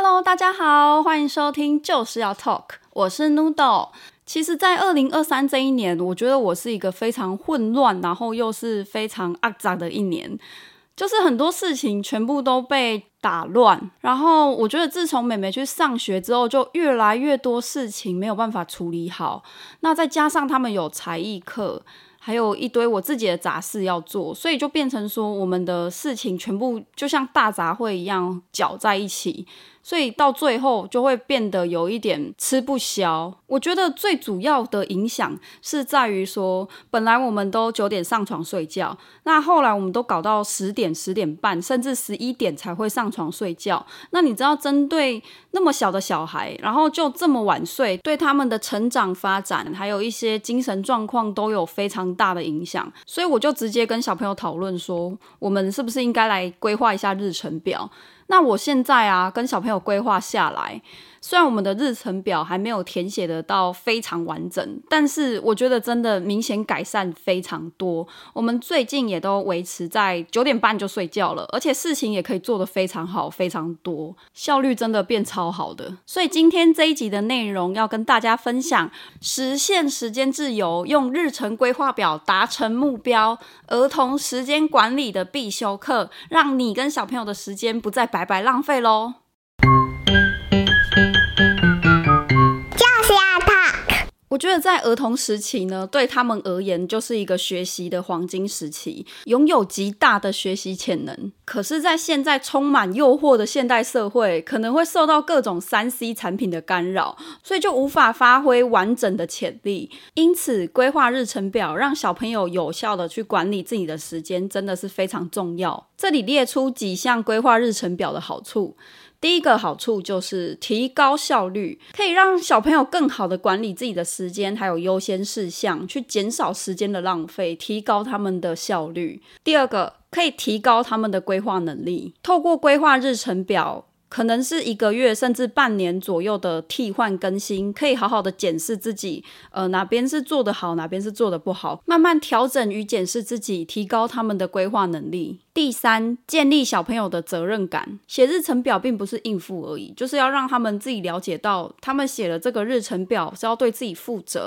Hello，大家好，歡迎收聽就是要 Talk，我是 Noodle。其實，在二零二三這一年，我覺得我是一個非常混亂，然後又是非常阿雜的一年，就是很多事情全部都被打亂。然後，我覺得自從妹妹去上學之後，就越來越多事情沒有辦法處理好。那再加上他們有才藝課。還有一堆我自己的雜事要做，所以就變成說，我們的事情全部就像大雜燴一樣攪在一起，所以到最後就會變得有一點吃不消。我覺得最主要的影響是在於說，本來我們都九點上床睡覺，那後來我們都搞到十點、十點半，甚至十一點才會上床睡覺。那你知道，針對那麼小的小孩，然後就這麼晚睡，對他們的成長發展，還有一些精神狀況，都有非常。大的影響，所以我就直接跟小朋友討論說，我們是不是應該來規劃一下日程表。那我現在啊，跟小朋友規劃下來，雖然我們的日程表還沒有填寫得到非常完整，但是我覺得真的明顯改善非常多。我們最近也都維持在九點半就睡覺了，而且事情也可以做得非常好，非常多，效率真的變超好的。所以今天這一集的內容要跟大家分享：實現時間自由，用日程規劃表達成目標，兒童時間管理的必修課，讓你跟小朋友的時間不再白。白白浪費嘍。我覺得在兒童時期呢，對他們而言就是一個學習的黃金時期，擁有極大的學習潛能。可是，在現在充滿誘惑的現代社會，可能會受到各種三 C 產品的干擾，所以就無法發揮完整的潛力。因此，規劃日程表，讓小朋友有效地去管理自己的時間，真的是非常重要。這裡列出幾項規劃日程表的好處。第一個好處就是提高效率，可以讓小朋友更好地管理自己的時間，還有優先事項，去減少時間的浪費，提高他們的效率。第二個，可以提高他們的規劃能力。透過規劃日程表，可能是一個月甚至半年左右的替換更新，可以好好的檢視自己，呃，哪邊是做得好，哪邊是做得不好，慢慢調整與檢視自己，提高他們的規劃能力。第三，建立小朋友的責任感。寫日程表並不是應付而已，就是要讓他們自己了解到，他們寫了這個日程表是要對自己負責。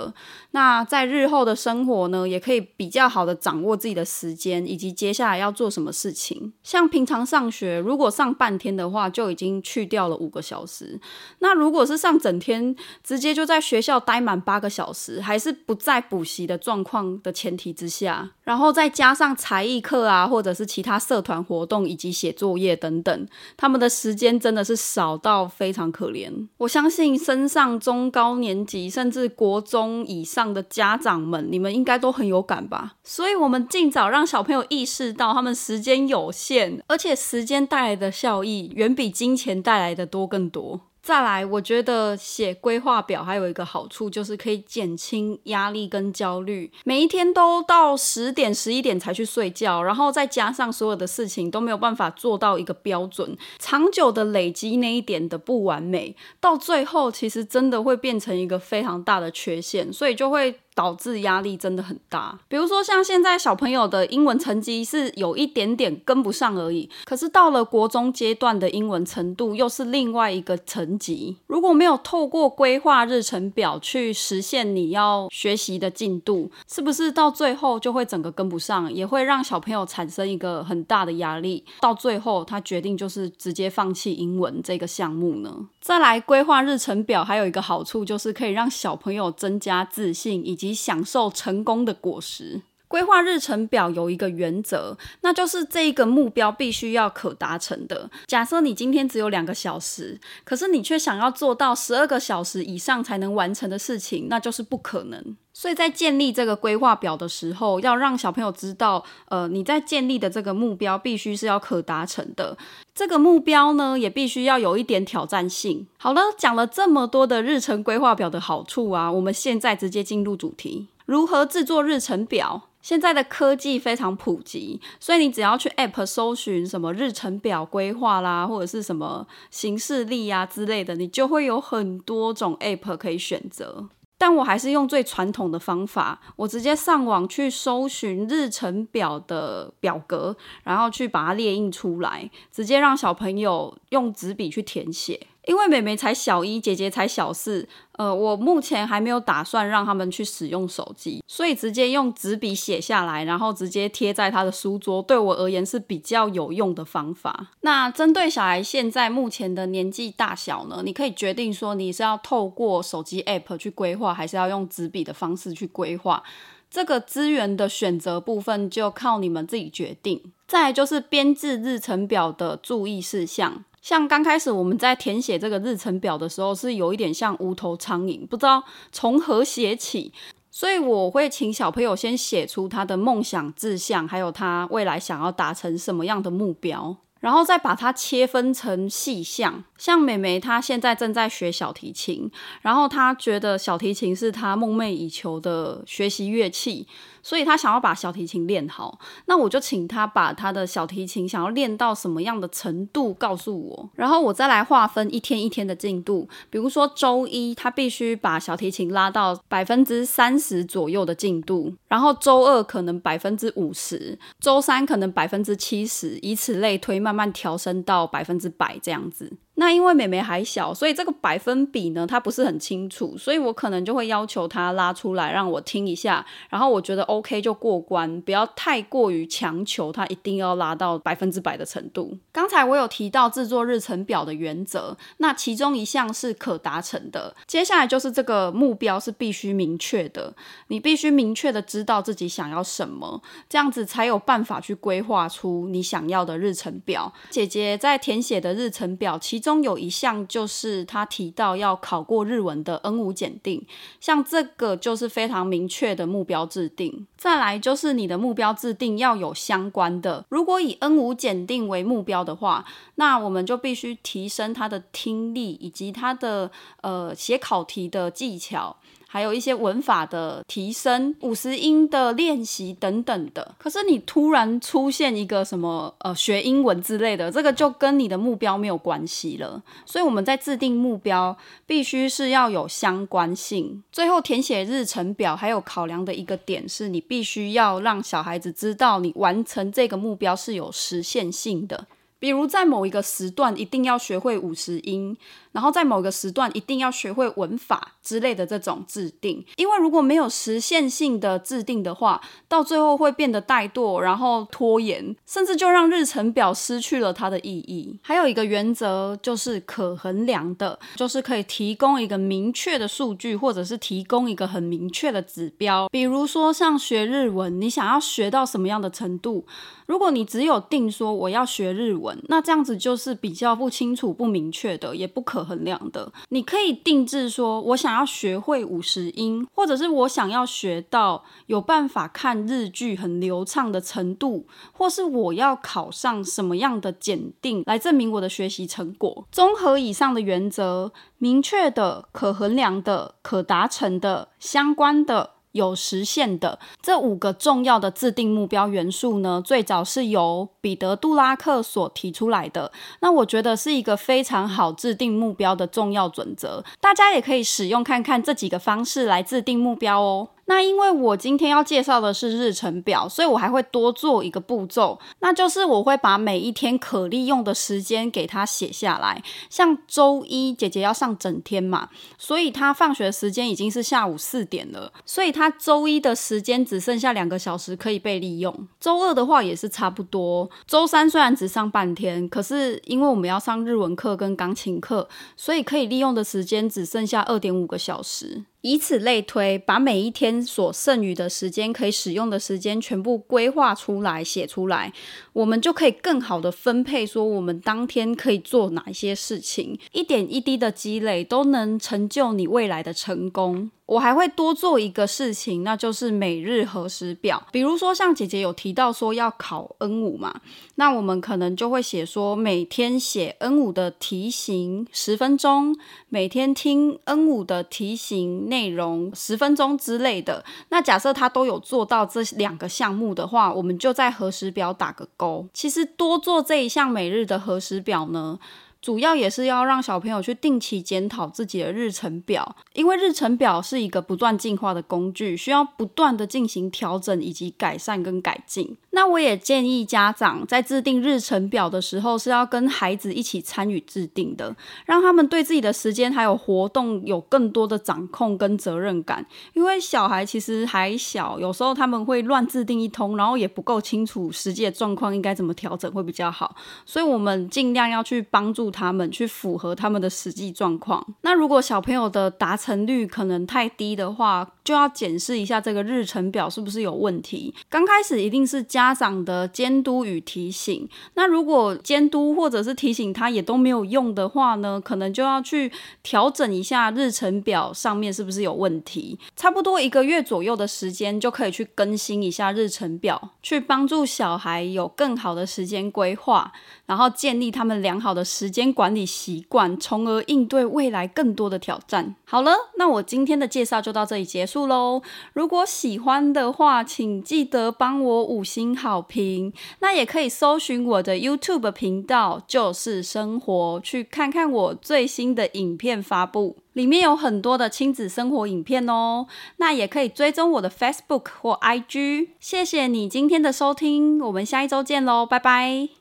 那在日後的生活呢，也可以比較好的掌握自己的時間，以及接下來要做什麼事情。像平常上學，如果上半天的話，就已經去掉了五個小時。那如果是上整天，直接就在學校待滿八個小時，還是不在補習的狀況的前提之下，然後再加上才藝課啊，或者是其他。社團活動以及寫作業等等，他們的時間真的是少到非常可憐。我相信升上中高年級，甚至國中以上的家長們，你們應該都很有感吧？所以，我們盡早讓小朋友意識到，他們時間有限，而且時間帶來的效益遠比金錢帶來的多更多。再來，我覺得寫規劃表還有一個好處，就是可以減輕壓力跟焦慮。每一天都到十點、十一點才去睡覺，然後再加上所有的事情都沒有辦法做到一個標準，長久的累積那一點的不完美，到最後其實真的會變成一個非常大的缺陷，所以就會。導致壓力真的很大，比如說像現在小朋友的英文成績是有一點點跟不上而已，可是到了國中階段的英文程度又是另外一個層級。如果沒有透過規劃日程表去實現你要學習的進度，是不是到最後就會整個跟不上，也會讓小朋友產生一個很大的壓力，到最後他決定就是直接放棄英文這個項目呢？再來規劃日程表還有一個好處，就是可以讓小朋友增加自信以及。享受成功的果實。規劃日程表有一個原則，那就是這一個目標必須要可達成的。假設你今天只有兩個小時，可是你卻想要做到十二個小時以上才能完成的事情，那就是不可能。所以在建立這個規劃表的時候，要讓小朋友知道，呃，你在建立的這個目標必須是要可達成的。這個目標呢，也必須要有一點挑戰性。好了，講了這麼多的日程規劃表的好處啊，我們現在直接進入主題。如何製作日程表？現在的科技非常普及，所以你只要去 App 搜尋什麼日程表規劃啦，或者是什麼行事曆呀、啊、之類的，你就會有很多種 App 可以選擇。但我還是用最傳統的方法，我直接上網去搜尋日程表的表格，然後去把它列印出來，直接讓小朋友用紙筆去填寫。因為妹妹才小一，姐姐才小四，呃，我目前還沒有打算讓他們去使用手機，所以直接用紙筆寫下來，然後直接貼在他的書桌，對我而言是比較有用的方法。那針對小孩現在目前的年紀大小呢，你可以決定說你是要透過手機 APP 去規劃，還是要用紙筆的方式去規劃。這個資源的選擇部分就靠你們自己決定。再來就是編制日程表的注意事項。像剛開始我們在填寫這個日程表的時候，是有一點像無頭蒼蠅，不知道從何寫起。所以我會請小朋友先寫出他的夢想志向，還有他未來想要達成什麼樣的目標，然後再把它切分成細項。像美美，她現在正在學小提琴，然後她覺得小提琴是她夢寐以求的學習樂器。所以，他想要把小提琴練好，那我就請他把他的小提琴想要練到什麼樣的程度告訴我，然後我再來劃分一天一天的進度。比如說，週一他必須把小提琴拉到百分之三十左右的進度，然後週二可能百分之五十，週三可能百分之七十，以此類推，慢慢調升到百分之百這樣子。那因為妹妹還小，所以這個百分比呢，她不是很清楚，所以我可能就會要求她拉出來讓我聽一下，然後我覺得 OK 就過關，不要太過於強求她一定要拉到百分之百的程度。剛才我有提到製作日程表的原則，那其中一項是可達成的，接下來就是這個目標是必須明確的，你必須明確的知道自己想要什麼，這樣子才有辦法去規劃出你想要的日程表。姐姐在填寫的日程表其中，中有一項就是他提到要考過日文的 N 五檢定，像這個就是非常明確的目標制定。再來就是你的目標制定要有相關的，如果以 N 五檢定為目標的話，那我們就必須提升他的聽力以及他的呃，寫考題的技巧。還有一些文法的提升、五十音的練習等等的。可是你突然出現一個什麼呃學英文之類的，這個就跟你的目標沒有關係了。所以我們在制定目標，必須是要有相關性。最後填寫日程表，還有考量的一個點是，你必須要讓小孩子知道，你完成這個目標是有實現性的。比如在某一個時段一定要學會五十音，然後在某一個時段一定要學會文法之類的這種制定，因為如果沒有時限性的制定的話，到最後會變得怠惰，然後拖延，甚至就讓日程表失去了它的意義。還有一個原則就是可衡量的，就是可以提供一個明確的數據，或者是提供一個很明確的指標。比如說像學日文，你想要學到什麼樣的程度？如果你只有定說我要學日文，那這樣子就是比較不清楚、不明確的，也不可衡量的。你可以定制說，我想要學會五十音，或者是我想要學到有辦法看日劇很流暢的程度，或是我要考上什麼樣的檢定，來證明我的學習成果。綜合以上的原則，明確的、可衡量的、可達成的、相關的。有實現的這五個重要的制定目標元素呢，最早是由彼得·杜拉克所提出來的。那我覺得是一個非常好制定目標的重要準則，大家也可以使用看看這幾個方式來制定目標哦。那因為我今天要介紹的是日程表，所以我還會多做一個步驟，那就是我會把每一天可利用的時間給它寫下來。像週一，姐姐要上整天嘛，所以她放學時間已經是下午四點了，所以她週一的時間只剩下兩個小時可以被利用。週二的話也是差不多。週三雖然只上半天，可是因為我們要上日文課跟鋼琴課，所以可以利用的時間只剩下二點五個小時。以此類推，把每一天所剩餘的時間，可以使用的時間全部規劃出來、寫出來，我們就可以更好的分配，說我們當天可以做哪一些事情。一點一滴的積累，都能成就你未來的成功。我還會多做一個事情，那就是每日核實表。比如說，像姐姐有提到說要考 N 五嘛，那我們可能就會寫說每天寫 N 五的題型十分鐘，每天聽 N 五的題型內容十分鐘之類的。那假設他都有做到這兩個項目的話，我們就在核實表打個勾。其實多做這一項每日的核實表呢，主要也是要讓小朋友去定期檢討自己的日程表，因為日程表是一個不斷進化的工具，需要不斷的進行調整以及改善跟改進。那我也建議家長在制定日程表的時候，是要跟孩子一起參與制定的，讓他們對自己的時間還有活動有更多的掌控跟責任感。因為小孩其實還小，有時候他們會亂制定一通，然後也不夠清楚實際的狀況應該怎麼調整會比較好，所以我們盡量要去幫助。他們去符合他們的實際狀況。那如果小朋友的達成率可能太低的話，就要檢視一下這個日程表是不是有問題。剛開始一定是家長的監督與提醒。那如果監督或者是提醒他也都沒有用的話呢，可能就要去調整一下日程表上面是不是有問題。差不多一個月左右的時間就可以去更新一下日程表，去幫助小孩，有更好的時間規劃，然後建立他們良好的時間先管理習慣，從而應對未來更多的挑戰。好了，那我今天的介紹就到這裡結束嘍。如果喜歡的話，請記得幫我五星好評。那也可以搜尋我的 YouTube 頻道，就是生活，去看看我最新的影片發布，裡面有很多的親子生活影片哦。那也可以追蹤我的 Facebook 或 IG。謝謝你今天的收聽，我們下一周見嘍，拜拜。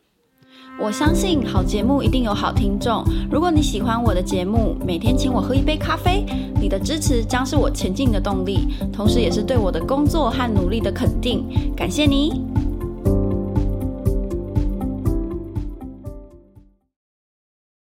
我相信好節目一定有好聽眾。如果你喜歡我的節目，每天請我喝一杯咖啡，你的支持將是我前進的動力，同時也是對我的工作和努力的肯定。感謝你。